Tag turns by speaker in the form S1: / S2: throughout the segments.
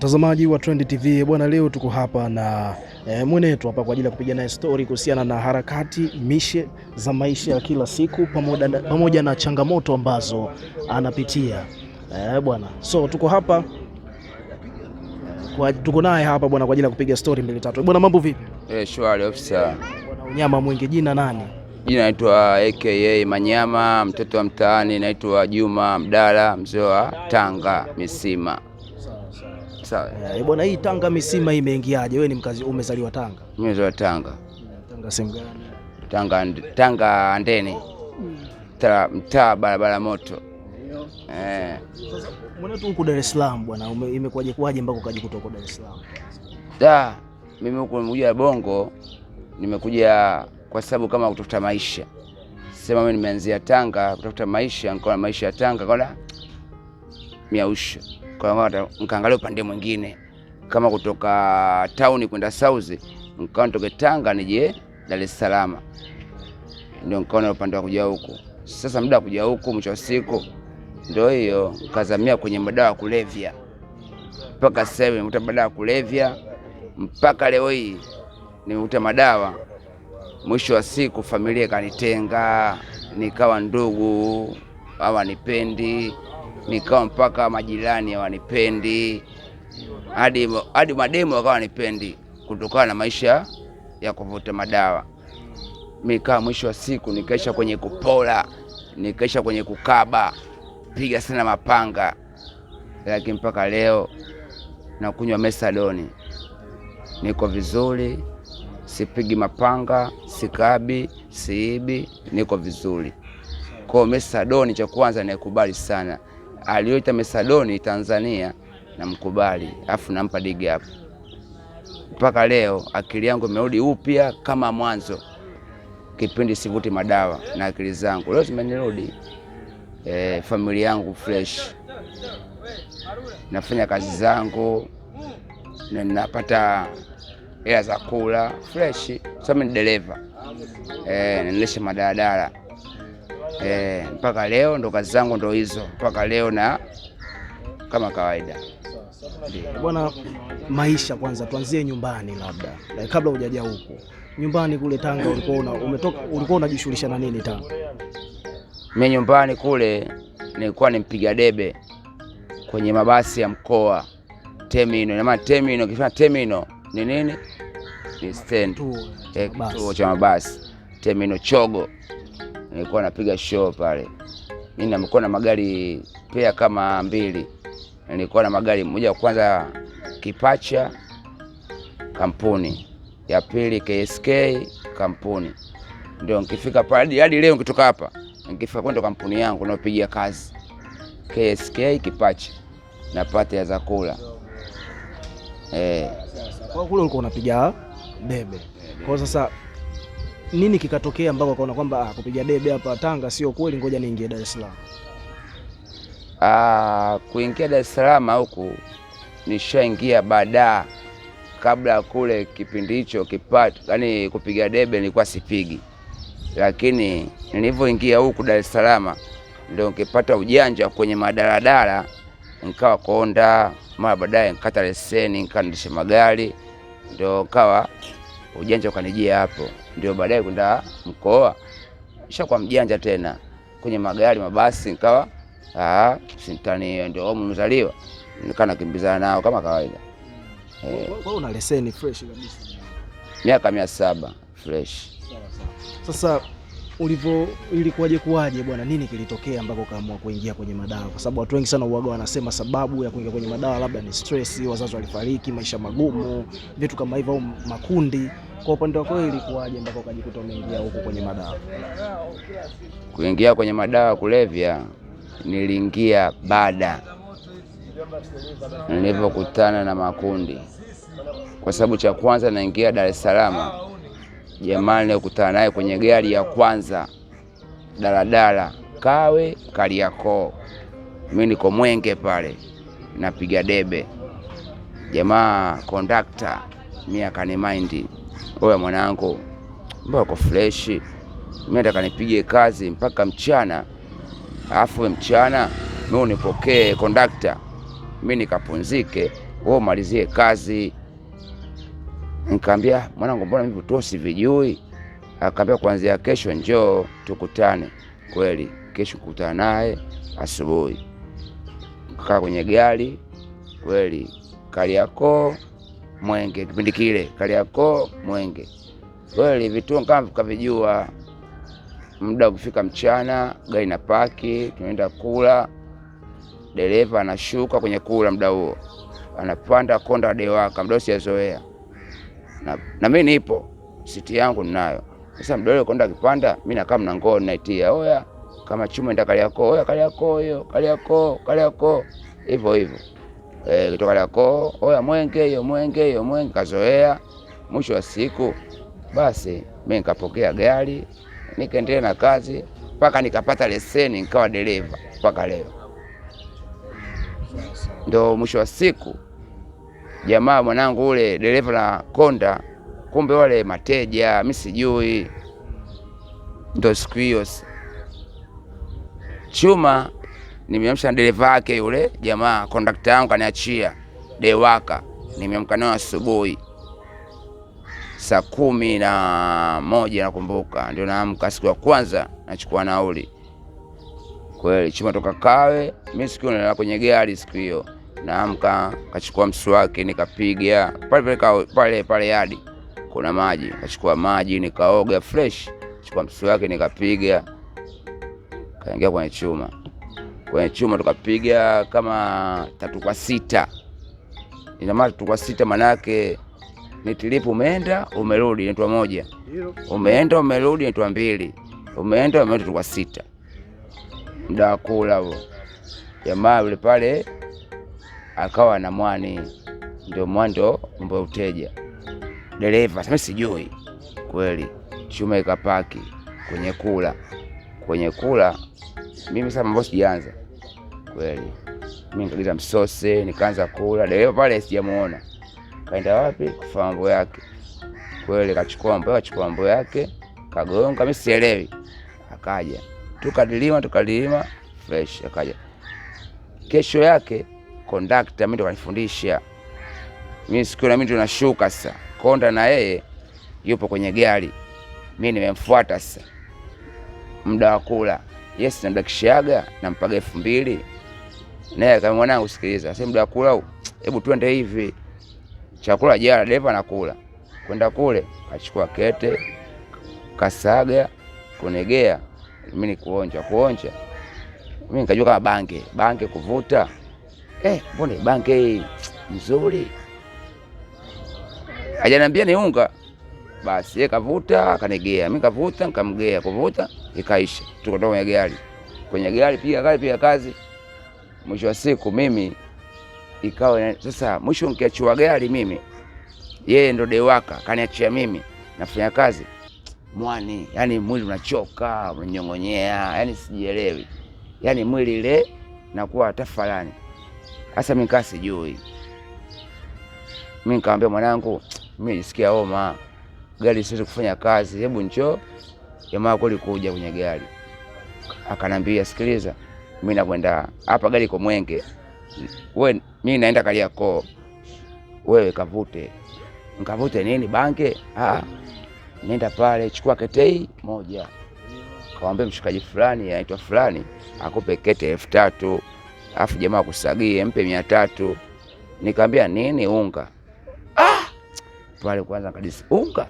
S1: Mtazamaji wa Trend TV bwana, leo tuko hapa na e, mwenetu hapa kwa ajili ya kupiga naye story kuhusiana na harakati mishe za maisha ya kila siku pamoja na, pamoja na changamoto ambazo anapitia e, bwana. So tuko hapa kwa, tuko naye hapa bwana kwa ajili ya kupiga story mbili tatu. Bwana, mambo vipi?
S2: Eh, shwari officer. Bwana,
S1: unyama mwingi. Jina nani?
S2: Jina naitwa aka Manyama, mtoto wa mtaani naitwa Juma Mdala, mzee wa Tanga Misima
S1: sawa. Eh, eh, bwana hii Tanga misima imeingiaje? Wewe ni mkazi umezaliwa Tanga?
S2: Nimezaliwa Tanga. Tanga sehemu gani? Tanga Tanga Andeni. Mtaa barabara moto.
S1: Eh. Sasa tu huko Dar es Salaam bwana imekuwaje kwaje mpaka ukaje kutoka Dar es Salaam?
S2: Da, mimi huko nimekuja Bongo nimekuja kwa sababu kama kutafuta maisha. Sema mimi nimeanzia Tanga kutafuta maisha, nikaona maisha ya Tanga kaona miausho mkaangalia upande mwingine, kama kutoka tauni kwenda south, mkawa nitoke Tanga nije Dar es Salaam, ndio nikaona upande wa kuja huku. Sasa muda wa kuja huku, mwisho wa siku ndio hiyo nkazamia kwenye madawa ya kulevya, mpaka sasa hivi nimekuta madawa ya kulevya, mpaka leo hii nimekuta madawa. Mwisho wa siku familia ikanitenga, nikawa ndugu hawanipendi nikawa mpaka majirani wanipendi hadi hadi mademu wakawa wanipendi kutokana na maisha ya kuvuta madawa. Mikaa mwisho wa siku nikaisha kwenye kupola, nikaisha kwenye kukaba, piga sana mapanga, lakini mpaka leo nakunywa mesadoni, niko vizuri, sipigi mapanga, sikabi, siibi, niko vizuri. Kwa mesadoni, cha kwanza naikubali sana aliyoita Mesadoni Tanzania namkubali, afu nampa digi hapo. mpaka leo. Akili yangu imerudi upya kama mwanzo, kipindi sivuti madawa na akili zangu leo zimenirudi. E, familia yangu fresh, nafanya kazi zangu na napata hela za kula fresh, mimi ni dereva e, naendesha madaladala eh, mpaka leo ndo kazi zangu ndo hizo mpaka leo na kama kawaida.
S1: Bwana, maisha kwanza tuanzie nyumbani, labda like, eh, kabla hujaja huku nyumbani kule Tanga ulikuwa una, umetoka ulikuwa unajishughulisha na nini Tanga?
S2: Mimi nyumbani kule nilikuwa nimpiga debe kwenye mabasi ya mkoa temino, Na maana temino, kifaa temino ni nini? Ni stand, kituo cha eh, mabasi temino chogo nilikuwa napiga show pale. Mimi nilikuwa na magari pia kama mbili, nilikuwa na magari moja, kwanza Kipacha kampuni, ya pili KSK kampuni. Ndio nikifika pale hadi leo, nikitoka hapa nikifika kwenda kampuni yangu naopigia kazi KSK Kipacha, napata ya zakula eh.
S1: Kwa kule ulikuwa unapiga bebe, kwa sasa nini kikatokea mpaka ukaona kwamba ah, kupiga debe hapa Tanga sio kweli, ngoja niingie Dar es Salaam?
S2: Ah, kuingia Dar es Salaam huku nishaingia baada, kabla kule kipindi hicho kipato, yani kupiga debe nilikuwa sipigi, lakini nilivyoingia huku Dar es Salaam ndio nikipata ujanja kwenye madaladala nikawa konda, mara baadaye nikata leseni nikaendesha magari, ndio kawa ujanja ukanijia hapo ndio baadaye kwenda mkoa, nishakuwa mjanja tena kwenye magari mabasi, nikawa ah, sintani ndio mzaliwa, nikawa nakimbizana nao kama kawaida.
S1: Wewe una leseni fresh kabisa,
S2: miaka mia saba fresh.
S1: Sasa ulivyo ilikuwaje, kuwaje bwana? Nini kilitokea mpaka ukaamua kuingia kwenye madawa? Kwa sababu watu wengi sana uoga wanasema sababu ya kuingia kwenye madawa labda ni stress, wazazi walifariki, maisha magumu, vitu kama hivyo, au makundi kwa upande wako ilikuwaje mpaka ukajikuta umeingia huko kwenye madawa?
S2: Kuingia kwenye madawa kulevya niliingia baada nilivyokutana na makundi, kwa sababu cha kwanza naingia Dar es Salaam, jamaa nilikutana naye kwenye gari ya kwanza daladala Kawe Kariakoo, mimi niko Mwenge pale napiga debe, jamaa kondakta mimi akanimaindi oya mwanangu, mbona uko freshi? Mimi nataka nipige kazi mpaka mchana, alafu mchana mimi unipokee kondakta, mimi nikapunzike, wewe umalizie kazi. Nikamwambia mwanangu, mbona mimi tu sivijui? Akaambia kuanzia kesho njoo tukutane. Kweli kesho kukutana naye asubuhi, kaa kwenye gari kweli Kariakoo. Mwenge kipindi kile Kariakoo Mwenge kweli vituo kama tukavijua. Muda kufika mchana, gari na paki, tunaenda kula, dereva anashuka kwenye kula, muda huo anapanda konda dewaka, mdao siyazoea na, na mi nipo siti yangu ninayo. Sasa mdole konda akipanda, mi nakaa mnangoni naitia oya kama chuma enda Kariakoo, oya Kariakoo hiyo Kariakoo Kariakoo hivyo hivyo eh, kutoka lako oya mwenge hiyo mwenge hiyo mwenge, kazoea. Mwisho wa siku basi mimi nikapokea gari nikaendelea na kazi mpaka nikapata leseni nikawa dereva mpaka leo. Ndo mwisho wa siku jamaa mwanangu ule dereva na konda, kumbe wale mateja mimi sijui. Ndo siku hiyo chuma nimeamsha na dereva yake yule jamaa, kondakta yangu kaniachia dewaka, nimeamka nayo asubuhi saa kumi na moja nakumbuka, ndio naamka siku ya kwanza nachukua nauli kweli chuma toka Kawe. Mimi siku hiyo nilala kwenye gari, siku hiyo naamka, kachukua mswaki nikapiga pale pale pale hadi kuna maji, kachukua maji nikaoga fresh, chukua mswaki nikapiga, kaingia kwenye chuma kwenye chuma tukapiga kama tatu kwa sita. Ina maana tatu kwa sita manake ni trip umeenda umerudi nitwa moja, umeenda umerudi nitwa mbili, umeenda umerudi tatu kwa sita. Muda wa kula huo, jamaa yule pale akawa na mwani, ndio mwando mbo uteja dereva sasa sijui kweli, chuma ikapaki kwenye kula kwenye kula mimi sasa mambo sijaanza kweli. Mimi nikagita msose nikaanza kula, dereva pale sijamuona, kaenda wapi kufanya mambo yake kweli, kachukua mambo kachukua mambo yake kagonga, mimi sielewi. Akaja tukadilima tukadilima fresh, akaja kesho yake kondakta, mimi ndo kanifundisha mimi, siku na mimi ndo nashuka sasa. Konda na yeye yupo kwenye gari, mimi nimemfuata sasa, muda wa kula yes, namdakishaga nampaga elfu mbili naye akamwambia, mwanangu, sikiliza, sasa muda kula, hebu twende hivi chakula jana dereva nakula. Kwenda kule kachukua kete kasaga kunegea, mimi nikuonja kuonja, mimi nikajua kama bange bange kuvuta. Eh, mbona bange hii nzuri, hajaniambia ni unga. Basi yeye kavuta kanegea, mimi kavuta nikamgea kuvuta ikaisha, tukaondoka kwenye gari, kwenye gari piga kazi, piga kazi. Mwisho wa siku mimi ikawa sasa, mwisho nikiachiwa gari mimi, yeye ndo dewaka kaniachia mimi, nafanya kazi mwani, yani mwili unachoka, unanyong'onyea, yani sijielewi, yani mwili ile nakuwa tafalani. Sasa mimi kasi sijui, mimi nikamwambia mwanangu, mimi nisikia homa, gari siwezi kufanya kazi, hebu njoo jamaa kweli kuja kwenye gari akanambia, sikiliza, mimi nakwenda hapa, gari iko Mwenge, wewe mimi naenda Kariakoo, wewe kavute. Nkavute nini? banke? Ah, nenda pale, chukua ketei moja, kawambia mshikaji fulani anaitwa fulani akupe kete elfu tatu afu jamaa kusagie mpe mia tatu. Nikaambia nini unga? Ah, pale kwanza kadisi unga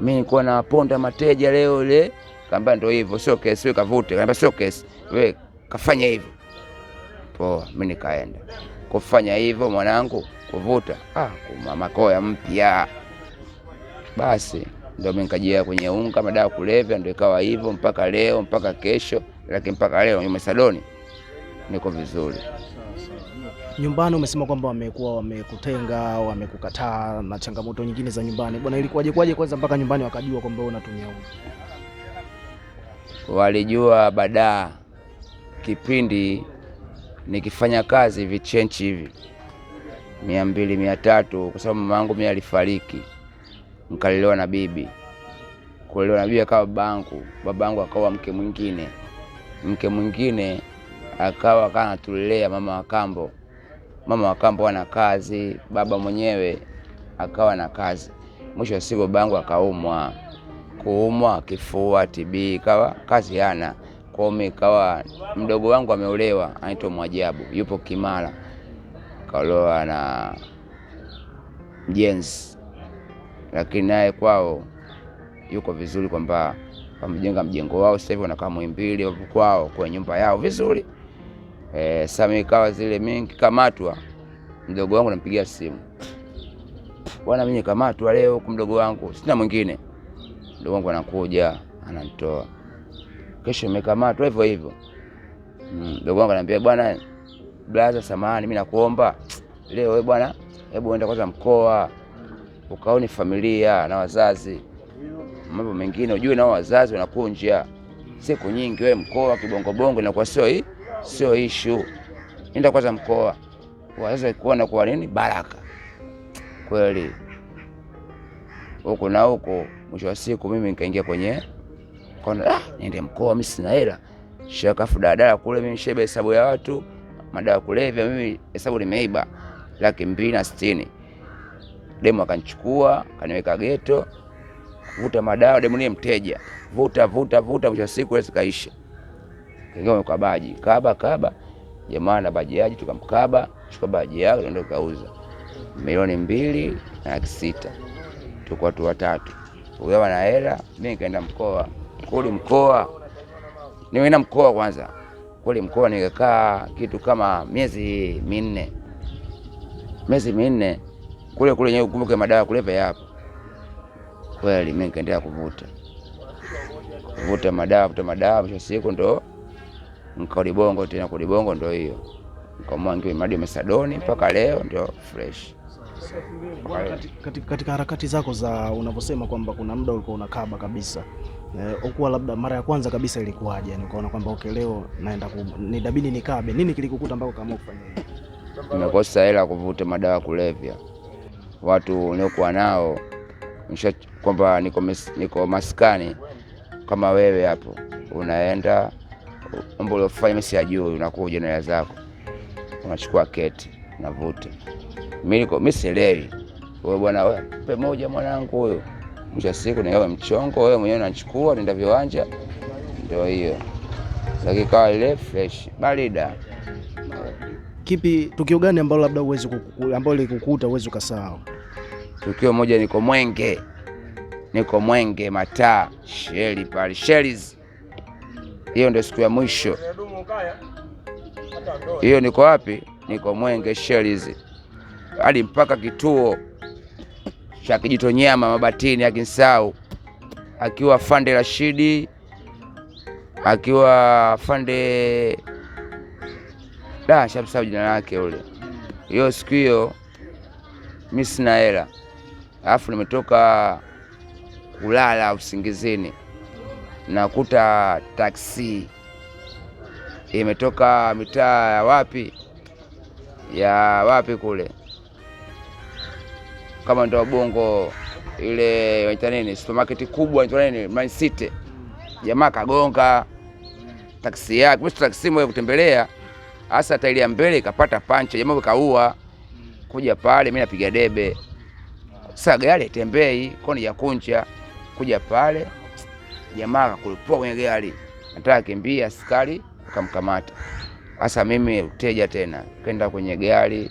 S2: mimi nilikuwa nawaponda mateja leo ile. Kaambia ndio hivyo, sio kesi wewe, kavute. Kaambia sio kesi wewe, kafanya hivyo. Poa, mimi nikaenda kufanya hivyo mwanangu, kuvuta ah, makoya mpya. Basi ndio mimi nikajia kwenye unga madawa kulevya, ndio ikawa hivyo mpaka leo mpaka kesho, lakini mpaka leo nyume saloni niko vizuri
S1: nyumbani umesema kwamba wamekuwa wamekutenga wamekukataa na changamoto nyingine za nyumbani. Bwana, ilikuwaje kwaje kwanza mpaka nyumbani wakajua kwamba wewe unatumia huyu?
S2: Walijua baada kipindi nikifanya kazi vichenchi hivi mia mbili mia tatu kwa sababu mama yangu mimi alifariki, nikalelewa na bibi. Kulelewa na bibi akawa babangu, babangu akawa mke mwingine, mke mwingine akawa kana tulelea mama wa kambo mama wa kambo kazi, baba mwenyewe akawa na kazi. Mwisho wa siku babangu akaumwa, kuumwa kifua, TB, ikawa kazi hana kwao. Mimi kawa mdogo wangu ameolewa, anaitwa Mwajabu, yupo Kimara, kaolewa na mjenzi, lakini naye kwao yuko vizuri, kwamba wamejenga mjengo wao sasa hivi wanakaa Muhimbili kwao, kwa nyumba yao vizuri Eh, sami kawa zile mimi nikikamatwa, mdogo wangu nampigia simu, bwana, mimi nikamatwa leo kwa mdogo wangu sina mwingine. Mdogo wangu anakuja ananitoa, kesho nimekamatwa hivyo hivyo. Mm, mdogo wangu ananiambia, bwana brother, samahani, mimi nakuomba leo wewe bwana, hebu uende kwanza mkoa ukaone familia na wazazi, mambo mengine ujue nao wazazi wanakunja siku nyingi, wewe mkoa kibongobongo inakuwa sio hii sio ishu. Nenda kwanza mkoa waweza kuona kwa nini baraka kweli huko na huko. Mwisho wa siku mimi nikaingia kwenye kona, ah, niende mkoa, mimi sina hela shakafu dadala kule, mimi shebe hesabu ya watu madawa kulevya, mimi hesabu nimeiba laki mbili na sitini. Demu akanichukua kaniweka geto, vuta madawa demu, ni mteja, vuta vuta vuta, mwisho wa siku zikaisha. Ingawa baji kaba kaba, jamaa na bajaji tukamkaba, chukua baji yake, ndio kauza milioni mbili na laki sita, Tukua tu watatu, huyo na hela. Mimi nikaenda mkoa kuli mkoa, nimeenda mkoa kwanza kuli mkoa, nikakaa kitu kama miezi minne, miezi minne kule kule nyewe. Ukumbuke madawa kulevya yapo kweli. Mimi nikaendelea kuvuta kuvuta madawa kuvuta madawa, mwisho siku ndo Nikaulibongo tena kulibongo, ndio hiyo nikaamua ngiwe mesadoni mpaka leo ndio fresh.
S1: Katika, harakati zako za unavyosema kwamba kuna muda ulikuwa unakaba kabisa eh, ukuwa labda mara ya kwanza kabisa ilikuwaje? Yani ukaona kwamba okay, leo naenda nidabini nikabe. Nini kilikukuta mpaka kama kufanya
S2: nimekosa hela kuvuta madawa kulevya, watu niokuwa nao kwamba niko, niko maskani kama wewe hapo unaenda ombo uliofanya si ajui, unakuwa ujanela zako, unachukua keti, niko mimi sielewi wewe bwana, wewe pe moja mwanangu huyo. Mwisho wa siku nigawe mchongo, wewe mwenyewe unachukua, nenda viwanja, ndio hiyo akikawa ile fresh barida.
S1: Kipi tukio gani ambalo labda uwezi ambalo likukuta uwezi ukasahau?
S2: Tukio moja, niko Mwenge, niko Mwenge mataa sheli pale shelis hiyo ndio siku ya mwisho. Hiyo niko wapi? Niko Mwenge Sherizi, hadi mpaka kituo cha Kijitonyama Mabatini, akinsau akiwa Fande Rashidi, akiwa Fande da shamsau jina lake ule. Hiyo siku hiyo mi sina hela, alafu nimetoka kulala usingizini nakuta taksi imetoka mitaa ya wapi ya wapi kule, kama ndo Bongo ile inaitwa nini, supermarket kubwa inaitwa nini, Man City. Jamaa kagonga taksi yake, taksi moja kutembelea hasa tairi ya mbele ikapata pancha, jamaa kaua kuja pale, mimi napiga debe. Sasa gari itembei koni ya kunja kuja pale jamaa akakulipua kwenye gari, nataka kimbia, askari akamkamata. Sasa mimi uteja tena, kenda kwenye gari,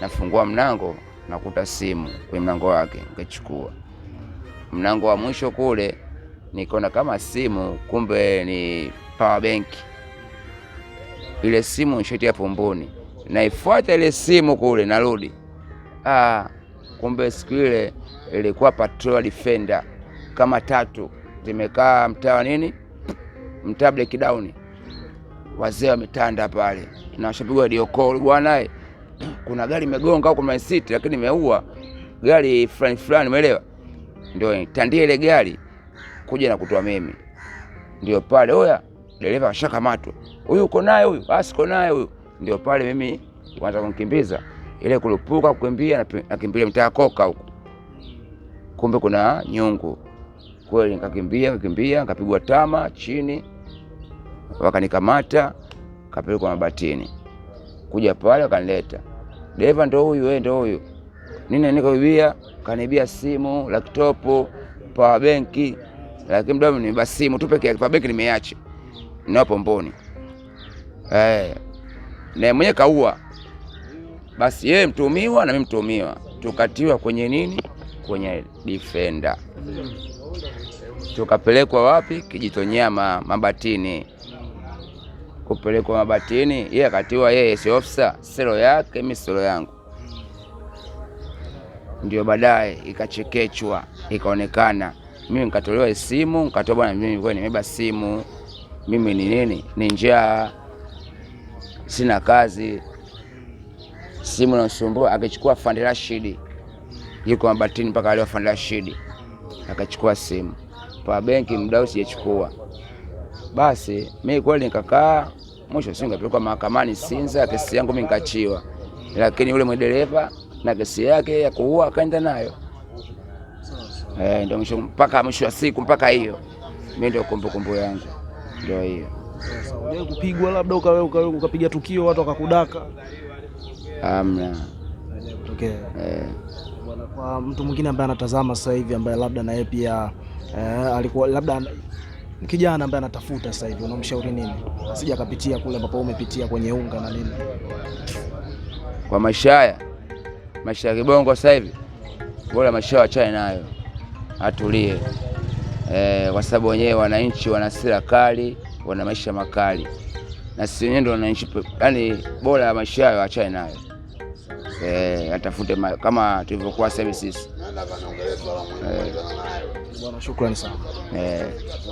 S2: nafungua mlango, nakuta simu kwenye mlango wake, nikachukua. Mlango wa mwisho kule nikaona kama simu, kumbe ni power bank. Ile simu nishatia pumbuni, naifuata ile simu kule, narudi ah, kumbe siku ile ilikuwa patrol defender kama tatu zimekaa mtaa nini, mtaa Down, wazee wametanda pale na washapigwa video call bwana, kuna gari imegonga huko Man City, lakini imeua gari fulani fulani, umeelewa? Ndio tandia ile gari kuja na kutoa mimi, ndio pale oya, dereva ashakamatwa, huyu uko naye huyu, basi ah, uko naye huyu, ndio pale mimi kwanza kumkimbiza ile kulupuka kukimbia, nakimbilia mtaa koka huko, kumbe kuna nyungu kweli, nikakimbia kakimbia nikapigwa tama chini, wakanikamata kapelekwa Mabatini, kuja pale wakanileta, dereva ndo huyu, wewe ndo huyu nini, nikaibia kanibia simu, laptop, power benki, lakini mdomo nimeiba simu tu peke yake, power benki nimeacha na pomboni eh, na mwenye kaua. Basi yeye mtumiwa na mimi mtumiwa, tukatiwa kwenye nini kwenye defender, tukapelekwa wapi? Kijitonyama, Mabatini. Kupelekwa Mabatini, yeye akatiwa, yeye si officer, selo yake mimi selo yangu, ndio baadaye ikachekechwa, ikaonekana mimi nikatolewa simu, nikatoa bwana, mimi nilikuwa nimeba simu, mimi ni nini, ni njaa, sina kazi, simu nasumbua. Akichukua Fandi Rashidi yuko mabatini mpaka leo shidi Rashidi akachukua simu pa benki, mdau sijachukua. Basi mi kweli nikakaa, mwisho siku nikapelekwa mahakamani Sinza, kesi yangu mi nikachiwa, lakini yule mdereva na kesi yake ya kuua akaenda nayo eh, ndio mwisho mpaka mwisho wa siku mpaka hiyo mi ndio kumbukumbu yangu ndio hiyo.
S1: Kupigwa labda ukapiga tukio watu wakakudaka,
S2: amna. Okay.
S1: Eh kwa mtu mwingine ambaye anatazama sasa hivi ambaye labda naye pia eh, alikuwa labda kijana ambaye anatafuta sasa hivi, unamshauri nini asija akapitia kule ambapo umepitia kwenye unga na nini?
S2: Kwa maisha haya, maisha ya kibongo sasa hivi, bora maisha ya wachane nayo, atulie eh, kwa sababu wenyewe wananchi wana sira kali, wana maisha makali, na sisi wenyewe ndio wananchi, Yani bora maisha hayo achane nayo eh, atafute ma, kama tulivyokuwa services. eh. Bwana, shukrani sana. eh.